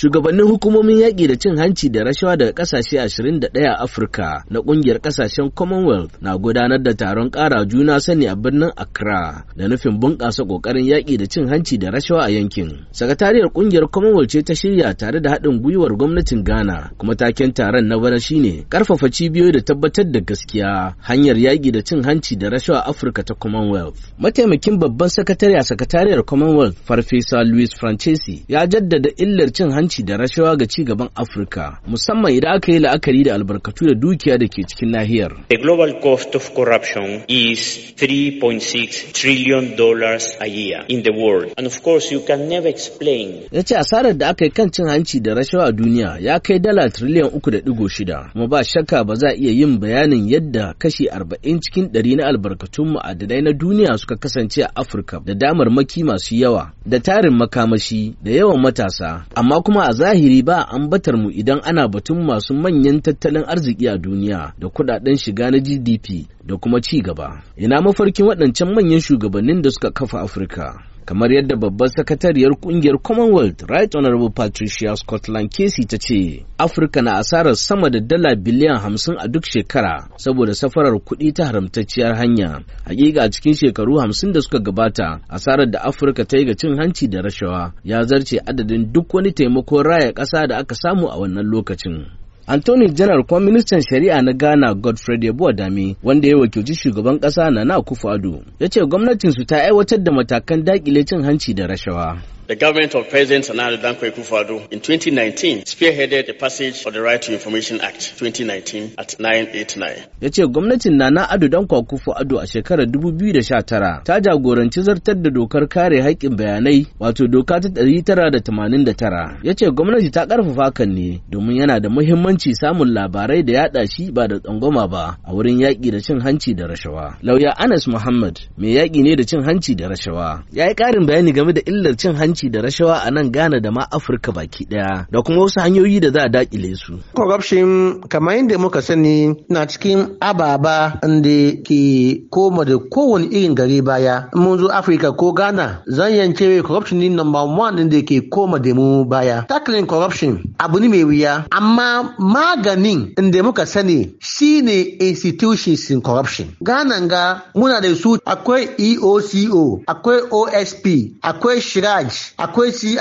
Shugabannin hukumomin yaƙi da cin hanci da rashawa daga ƙasashe 21 a Afirka na ƙungiyar ƙasashen Commonwealth na gudanar da taron ƙara juna sani a birnin Accra da nufin bunƙasa ƙoƙarin yaƙi da cin hanci da rashawa a yankin. Sakatariyar ƙungiyar Commonwealth ce ta shirya tare da haɗin gwiwar gwamnatin Ghana kuma taken taron na bana shine ƙarfafa cibiyoyi da tabbatar da gaskiya hanyar yaƙi da cin hanci da rashawa a Afirka ta Commonwealth. Mataimakin babban sakatare a sakatariyar Commonwealth Farfesa Louis Francesi ya jaddada illar cin hanci cin da rashawa ga ci gaban Afirka, musamman idan aka yi la'akari da albarkatu da dukiya da ke cikin nahiyar. The global cost of corruption is 3.6 trillion dollars a year in the world. And of course you can never explain. Ya ce asarar da aka yi kan cin hanci da rashawa a duniya ya kai dala triliyan uku da digo shida. Kuma ba shakka ba za a iya yin bayanin yadda kashi arba'in cikin ɗari na albarkatun ma'adanai na duniya suka kasance a Afirka da damar maki masu yawa da tarin makamashi da yawan matasa. Amma kuma kuma a zahiri ba ambatar mu idan ana batun masu manyan tattalin arziki a duniya da kudaden shiga na GDP da kuma ci gaba. Ina mafarkin waɗancan manyan shugabannin da suka kafa Afirka. kamar yadda babbar sakatariyar kungiyar commonwealth right honorable patricia scotland casey ta ce afirka na asarar sama da dala biliyan hamsin a duk shekara saboda safarar kuɗi ta haramtacciyar hanya hakika a cikin shekaru hamsin da suka gabata asarar da afirka ta yi ga cin hanci da rashawa ya zarce adadin duk wani taimakon raya ƙasa da aka samu a wannan lokacin Anthony General kuma ministan shari'a na Ghana Godfrey Yabo Dami wanda ya wakilci shugaban kasa na Akufo-Addo ya ce gwamnatinsu ta aiwatar da matakan dakile cin hanci da rashawa. The government of President Sanadu Dankwa akufo in 2019 spearheaded the passage of the Right to Information Act 2019 at 989. Yace gwamnatin Nana Ado Dankwa akufo ado a shekarar 2019 ta jagoranci zartar da dokar kare haƙƙin bayanai wato doka ta 989. Yace Yace gwamnati ta karfafa kan ne domin yana da muhimmanci samun labarai da yaɗa shi ba da tsangwama ba a wurin yaƙi da cin hanci da rashawa. Lauya Anas Muhammad mai yaƙi ne da cin hanci da rashawa ya yi ƙarin bayani game da illar cin hanci hanci da rashawa a nan Ghana da ma Afirka baki daya da kuma wasu hanyoyi da za a dakile su. Corruption kamar yadda muka sani na cikin ababa inda ke koma da kowane irin gari baya. Mun zo Afirka ko Ghana zan yance corruption ne number one inda ke koma da mu baya. Tackling corruption abu ne mai wuya amma maganin inda muka sani shine institutions in corruption. Ghana ga muna da su akwai EOCO, akwai OSP, akwai Shiraj, akwai cid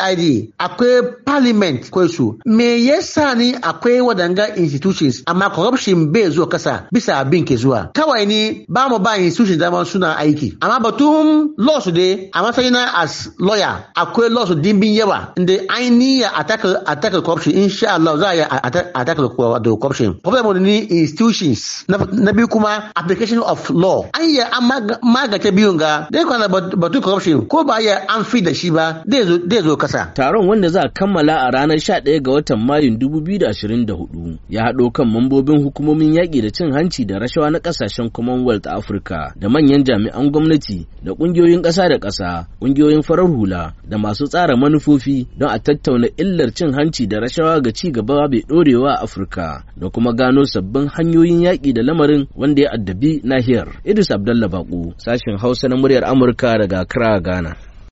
akwai parliament akwai su me yasa ni akwai wadanga institutions amma corruption bai zuwa kasa bisa abin ke zuwa kawai ni ba mu ba institutions dama suna aiki amma batun law su dai a matsayin na as lawyer akwai law su dimbin yawa inda an niyya a tackle corruption insha Allah za a yi a tackle corruption problem ni institutions na biyu kuma application of law an yi an magance biyun ga dai kwana batun corruption ko ba ya an fi da shi ba zai zo kasa. Taron wanda za a kammala a ranar 11 ga watan Mayun 2024 ya haɗo kan mambobin hukumomin yaƙi da cin hanci da rashawa na ƙasashen Commonwealth a Afirka, da manyan jami'an gwamnati da ƙungiyoyin ƙasa da ƙasa, ƙungiyoyin farar hula da masu tsara manufofi don a tattauna illar cin hanci da rashawa ga ci gaba bai ɗorewa a Afirka da kuma gano sabbin hanyoyin yaƙi da lamarin wanda ya addabi nahiyar. Idris Abdallah Baƙo. sashen Hausa na muryar Amurka daga Accra, Ghana.